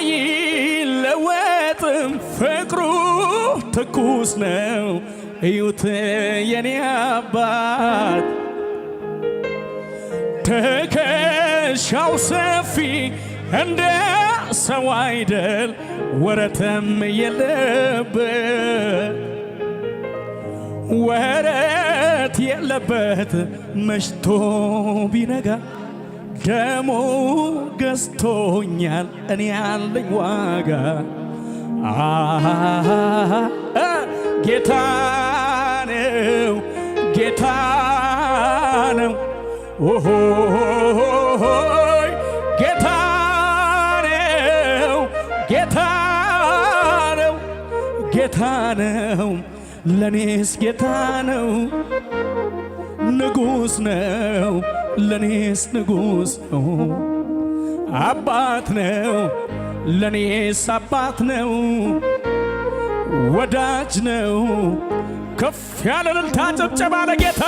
አይለወጥም ፍቅሩ ትኩስ ነው። እዩት የኔ አባት ትከሻው ሰፊ እንደ ሰው አይደል፣ ወረተም የለበት ወረት የለበት መሽቶ ቢነጋ ደሞ ገዝቶኛል እኔ ያለኝ ዋጋ ጌታ ነው ጌታ ነው ጌታ ነው ጌታ ነው ጌታ ነው ለኔስ ጌታ ነው ንጉሥ ነው ለኔስ ንጉስ ነው አባት ነው ለኔስ አባት ነው ወዳጅ ነው ከፍ ያለ እልልታ ጭብጨባ ለጌታ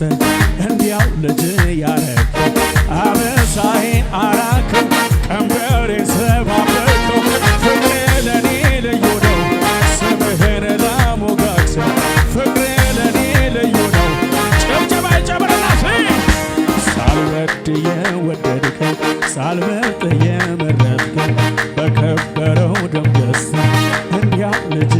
አረፈ እንዲያው ልጅ ያረፈ አበሳዬን አራክ ቀንበሬ ሰባበርከው ፍቅሬ ለኔ ልዩ ነው ስምህን ላሞጋክሰው ፍቅሬ ለኔ ልዩ ነው ጭብጨባ ይጨምርና ሳልወድ የወደድከው ሳልመርጥ የመረጥከው በከበረው ደም እንዲያው ልጅ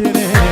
gonna tiene.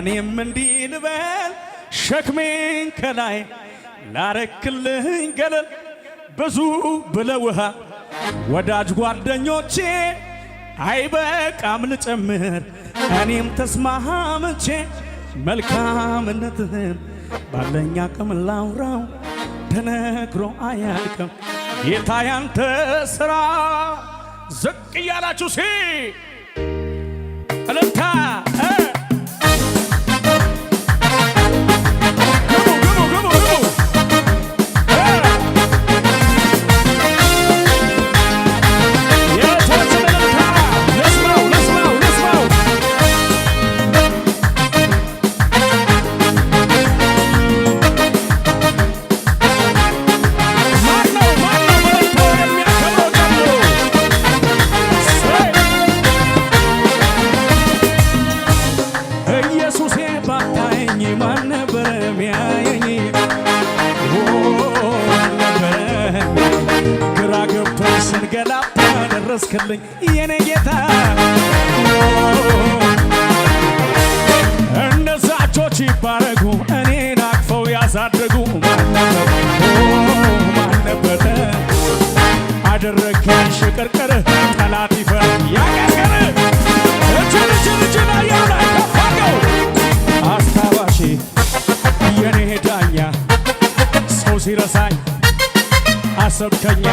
እኔም እንዲህ ልበል ሸክሜን ከላይ ላረክልኝ ገለል ብዙ ብለውሃ ወዳጅ ጓደኞቼ አይበቃም ልጨምር እኔም ተስማምቼ መልካምነትህን ባለኝ አቅም ላውራው ተነግሮ አያልቅም ጌታ ያንተ ሥራ ዝቅ እያላችሁ ሲ እልልታ ያደረክልኝ የኔ ጌታ እንደ ይባረጉ እኔን አቅፈው ያሳደጉ ማነበተ አደረክኝ ሽቅርቅር ጠላት ይፈር ያቀስቀር አስታባሽ የኔ ዳኛ ሰው ሲረሳኝ አሰብከኛ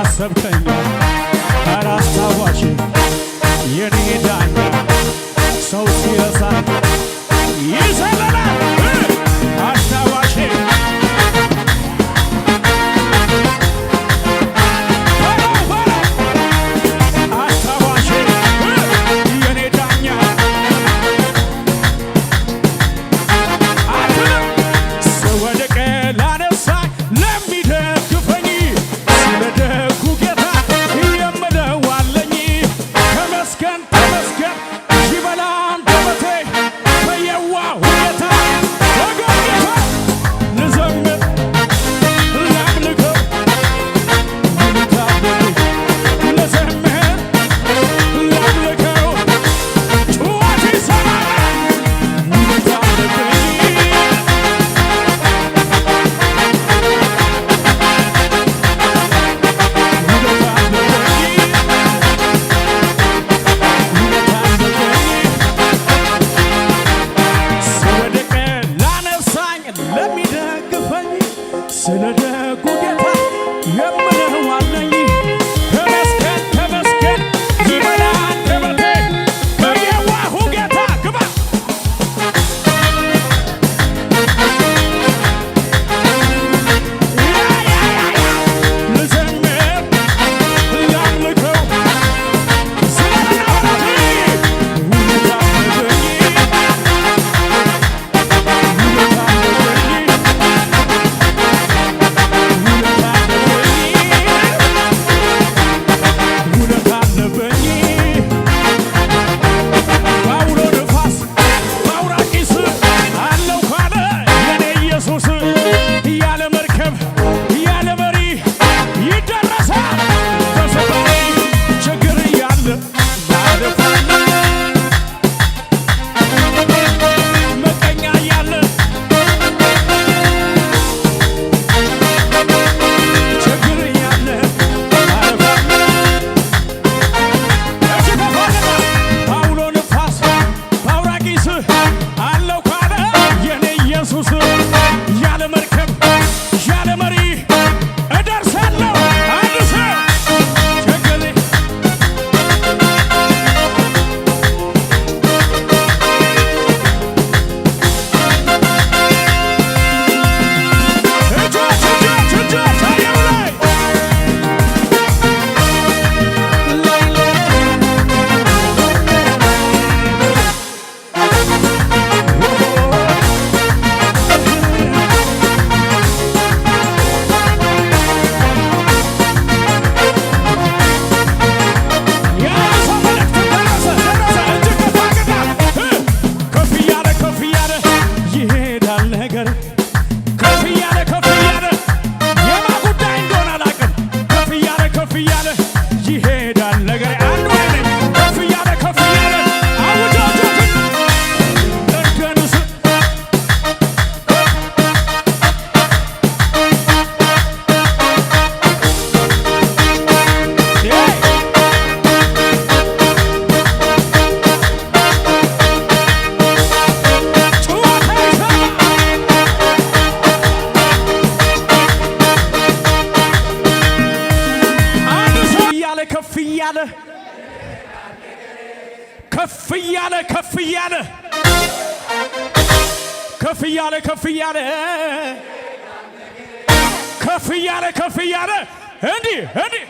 አሰብከኛ አራስታዋሽ የኔ ዳኛ ሰው ሲረሳኝ ይዘበላ Senede እያለ ከፍ እያለ ከፍ እያለ እንዲህ እንዲህ